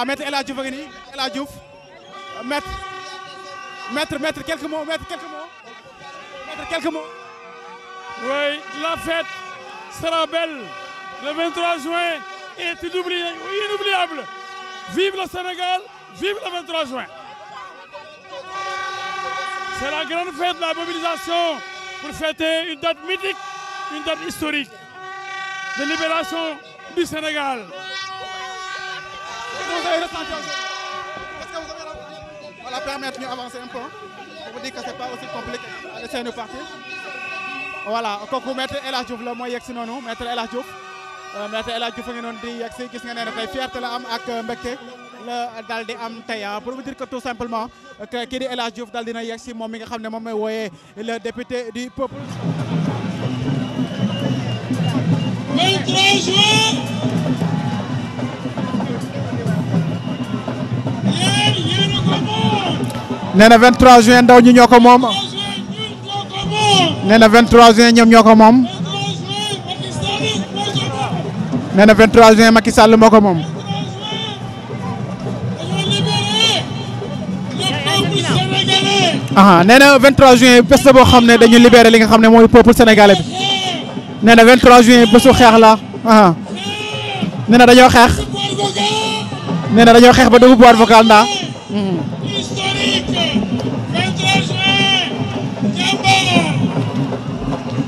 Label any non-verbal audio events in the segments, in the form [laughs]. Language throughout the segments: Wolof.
Voilà, maître Ella Diouf, euh, Maître, maître, quelques mots, maître, quelques mots. Maître, quelques mots. Oui, la fête sera belle. Le 23 juin est inoubliable. inoubliable. Vive le Sénégal, vive le 23 juin. C'est la grande fête de la mobilisation pour fêter une date mythique, une date historique de libération du Sénégal que vous avez ressenti aujourd'hui Est-ce que vous avez ressenti On va permettre d'avancer un peu. Je vous dis que ce n'est pas aussi compliqué. Laissez-nous partir. Voilà, kooku maître El Hadj Diouf la mooy yegg si mettre maître El Hadj Diouf euh, maître El Diouf a ngi noonu di yegg si gis nga ne dafay fierté la am ak euh, mbégte la daal am tey ah. pour vous dire que tout simplement que kii di Diouf Daldi dina yegg si moom mi nga xam ne moom mooy le député du peuple. nee na trois juin ndaw ñi ñoo ko moom. nee na 23 juin ñoom ñoo ko moom. nee na 23 juin Macky moo ko moom. aha nee na 23 juin bés la boo xam ne dañu libéré li nga xam ne mooy peuple sénégalais bi. nee na 23 juin bésu xeex la aha na dañoo xeex. nee na dañoo xeex ba dugg boîte vocale ndaa. Mhm.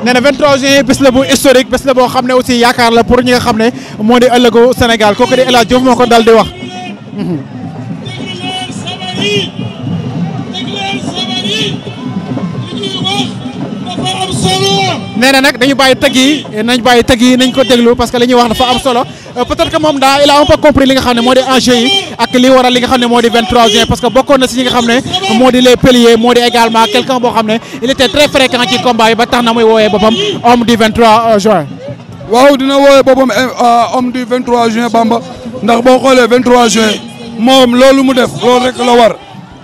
nee na 23 juin bés la bu historique bés la boo xam ne aussi yaakaar la pour ñi nga xam ne moo di ëllëgu Sénégal kooku di El Hadj Diouf moo ko dal di wax. Mmh. nee na nak dañu bàyyi tëgg yi nañ bàyyi tëgg yi nañ ko déglu parce que li ñuy wax dafa am solo euh, peut-être que moom daa il a un peu compris li nga xam ne moo di enjeu yi ak li waral li nga xam ne moo di 23 juin parce que bokkoon na si ñi nga xam ne moo di les piliers moo di également quelqu'un boo xam ne il était très fréquent ci combat yi ba tax na muy woowee boppam homme du 23 euh, juin. waaw dina woowee boppam euh, homme du 23 juin Bamba ndax boo xoolee 23 juin moom loolu mu def loolu rek la war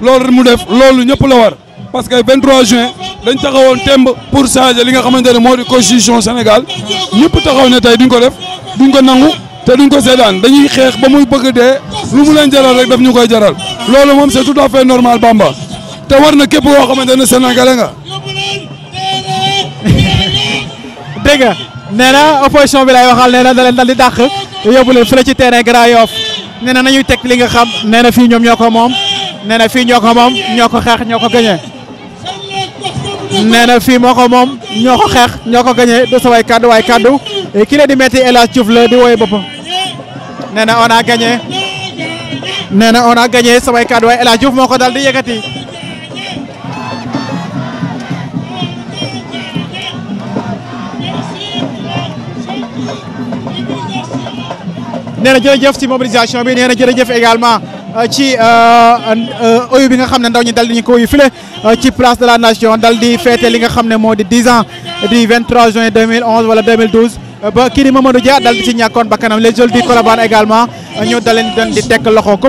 loolu mu def loolu ñëpp la war. parce que 23 juin dañ taxawoon temb pour changer li nga xamante ne moo di constitution Sénégal ñëpp taxaw ne tey duñ ko def duñ ko nangu te duñ ko seedaan dañuy xeex ba muy bëgg de lu mu leen jaral rek daf ñu koy jaral loolu moom c'est tout à fait normal Bamba te war na képp koo xamante ne sénégalais nga. [laughs] dégg nga nee na opposition bi lay waxal nee na da leen dal di dàq yóbbu leen fële ci terrain Grand Yoff nee na nañuy li nga xam nee na fii ñoom ñoo moom nee na fii ñoo ko moom ko xeex ñoo ko gagné. nee na fii moo moom ñooko xeex ñoo ko gañee du samay kaddu waaye kaddu ki la di metti El Hadj la di woy boppam nee na on a gagné nee na on a gagné samay kaddu waaye El moo ko dal di yëkkati nee na jërëjëf si mobilisation bi nee na jërëjëf également Euh, ci euh, euh, bi nga place de la nation dal di li nga 10 ans du 23 juin 2011 wala 2012 ba est Mamadou Dia dal ci les du également di loxo ku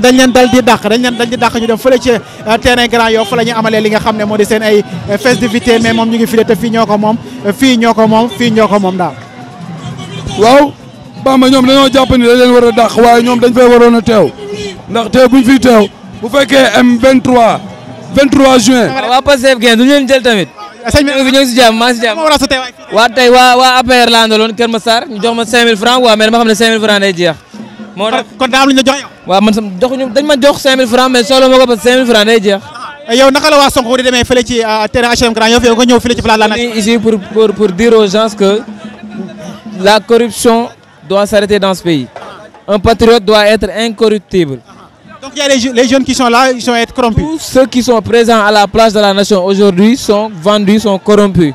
dañ leen dal di dàq dañ leen dal di dàq ñu dem fële ci euh, terrain Grand Yoff fa la ñu amalee li nga xam ne moo di seen ay euh, festivité mais moom ñu ngi fi te fii ñoo ko moom euh, fii ñoo ko moom fii ñoo ko moom daal waaw Bamba ñoom dañoo jàpp ni dañ leen war a dàq waaye ñoom dañ fay waroon a teew ndax teew buñ fiy teew bu fekkee M23 23 juin waa Pastef gen duñu leen jël tamit sëñ bi ñu ngi si jàmm maa ngi si jàmm waa tey waa waa APR laa andaloon Kër Massar ñu jox ma 5000 francs waa mais dama xam ne 5000 francs day jeex ici pour pour dire aux gens que la corruption doit s'arrêter dans ce pays. Un patriote doit être incorruptible. Ah, donc il y a les, jeunes qui sont là, ils sont être corrompus. Tous ceux qui sont présents à la place de la nation aujourd'hui sont vendus, sont corrompus.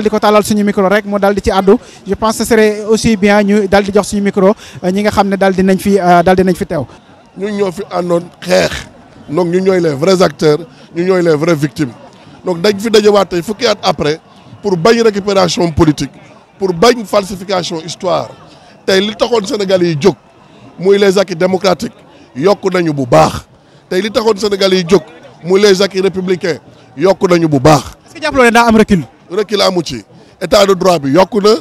daal di ko tàllal suñu micro rek mo dal di ci àddu je pense que ce serait aussi bien ñu dal di jox suñu micro euh, ñi nga xam dal di nañ fi euh, dal di nañ fi tew ñun ñoo fi àndoon xex donc ñu ñoy les vrais acteurs ñu ñoy les vraies victimes donc dañ fi dajawaat tay fukki at après pour bañ récupération politique pour bañ falsification histoire tay li taxone Sénégal yi jóg muy les acquis démocratiques yokku nañu bu baax tay li taxone Sénégal yi jóg muy les acquis républicains yokku nañu bu baax. est-ce que jàppaloo ne am recul recul amu état de droit y a un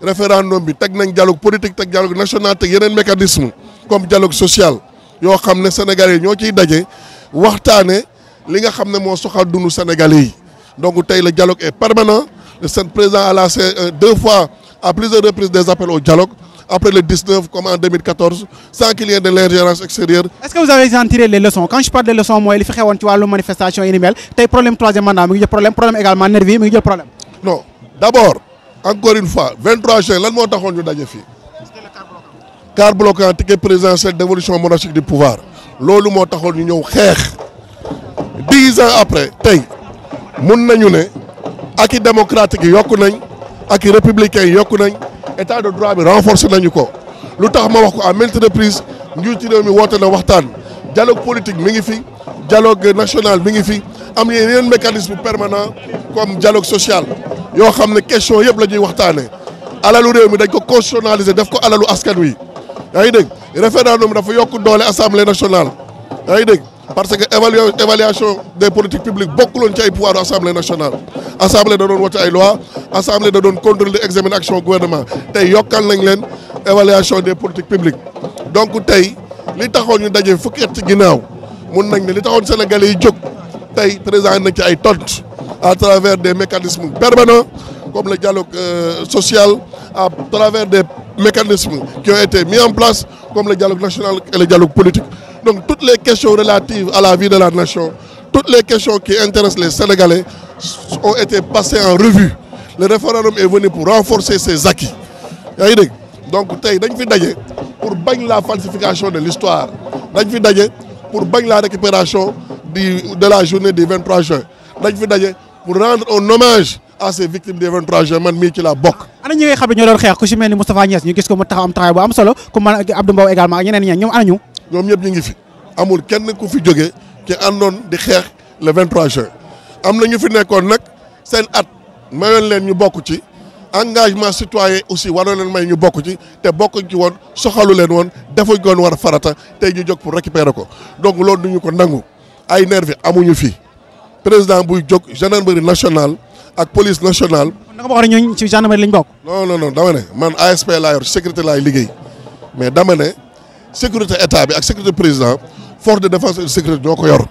référendum bi a nañ dialogue politique un dialogue national a yeneen mécanisme comme dialogue social yoo xam sénégalais yi ñoo ciy daje waxtaane li nga xam ne sénégalais donc le dialogue est permanent le président a lancé euh, deux fois à plusieurs reprises des appels au dialogue, après le 19 comme en 2014, sans qu'il y ait de l'ingérence extérieure. Est-ce que vous avez en tiré les leçons Quand je parle des leçons, moi, il faut que tu aies une manifestation animale. Tu as problème troisième mandat, il y a problème, problème également nerveux, mais il y a problème. Non, d'abord, encore une fois, 23 juin, l'an montant qu'on nous a fait. Car bloquant, ticket présidentiel d'évolution monarchique du pouvoir. Lolo montant qu'on nous 10 ans après, nous avons acquis démocratique, nous ak i républicain yokk nañ état de droit bi renforcé nañu ko lu tax ma wax ko à maintes reprises njiitu réew mi woote na waxtaan dialogue politique mi ngi fi dialogue national mi ngi fi am yeneen mécanisme permanent comme dialogue sociale yoo xam ne question yëpp la ñuy waxtaanee alalu réew mi dañ ko constitutionnaliser def ko alalu askan wi yaa ngi dégg référendum dafa yokk doole assemblée nationale yaa ngi dégg parce que l'évaluation des politiques publiques beaucoup ci ay pouvoir l'Assemblée nationale L'Assemblée da doon wote ay loi l'Assemblée da doon contrôle de examen action gouvernement tey yokkal nañ leen l'évaluation des politiques publiques donc tey li taxoon ñu daje fukki at ci ginnaaw mun nañ l'a li taxoon sénégalais yi tey président nañ ci ay à travers des mécanismes permanents comme le dialogue euh, social à travers des mécanismes qui ont été mis en place comme le dialogue national et le dialogue politique donc toutes les questions relatives à la vie de la nation, toutes les questions qui intéressent les Sénégalais ont été passées en revue. Le référendum est venu pour renforcer ses acquis. Donc, pour la falsification de l'histoire, pour la récupération de la journée du 23 juin, pour rendre hommage à ces victimes des 23 juin moi-même qui la ñom ñep ñu ngi fi amul kenn ku fi joggé ci di faire le 23 juin am nañu fi nak seen at leen ñu engagement citoyen aussi waroon leen may ñu bokku ci té bokku ci won soxalu leen won war a farata té ñu pour récupérer ko donc loolu duñu ko nangu ay président buy gendarmerie nationale ak police nationale. Nous nga un wax ñu ci gendarmerie non non non je suis man ASP la yor sécurité mais sécurité état bi sécurité président force de défense et de sécurité vous yor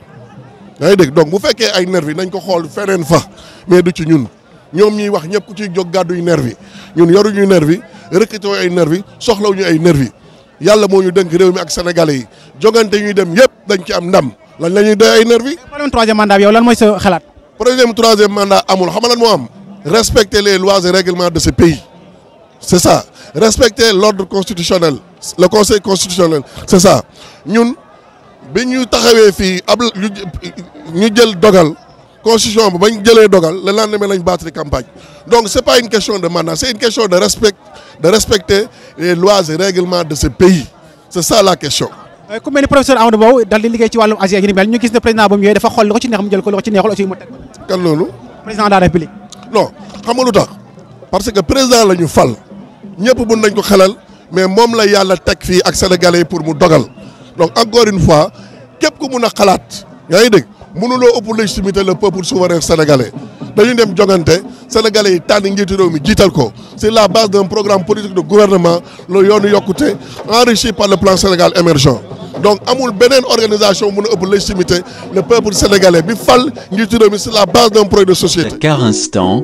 vous donc bu féké ay nervi nañ ko xol une fa mais du ci ñun ñom ñi wax ñep ku ciy jóg gàdduy nervi ñun nervi ay nervi ñu ay nervi yalla mo ñu dënk réew mi ak sénégalais yi jogante ñuy dem dañ ci am ndam la doy ay nervi. problème troisième mandat yow lan moy sa troisième mandat amul xam lan am respecter les lois et règlements de ce pays c'est ça respecter l'ordre constitutionnel le conseil constitutionnel c'est ça ñun bi nous taxawee fii ab ñu jël dogal constitution bi bañ jëlee dogal le lendemain lañ battre campagne donc c'est pas une question de mandat c'est une question de respect de respecter les lois et règlements de ce pays c'est ça la question. Euh, ku le professeur Amadou Mbow dal di liggéey ci wàllum nous avons ni mel ñu gis président boobu il dafa xool lu ko ci neex mu jël ko ci neexul aussi mu kan président de la république. non xam nga lu parce que président nous ñu fal ñëpp mun nañ ko xalal mais mom la yalla tek fi ak sénégalais pour mu dogal donc encore une fois képp ku mëna a xalaat deug mënu lo mënuloo ëpp légitimité le peuple souverain sénégalais dañu dem jogante sénégalais yi tànn njiitu réew mi jital ko sur la base d'un programme politique de gouvernement le yoonu yokuté enrichi par le plan Sénégal émergent donc amul benen organisation mëna a ëpp légitimité le peuple sénégalais bi fal njiitu réew mi sur la base d'un projet de société. car Instant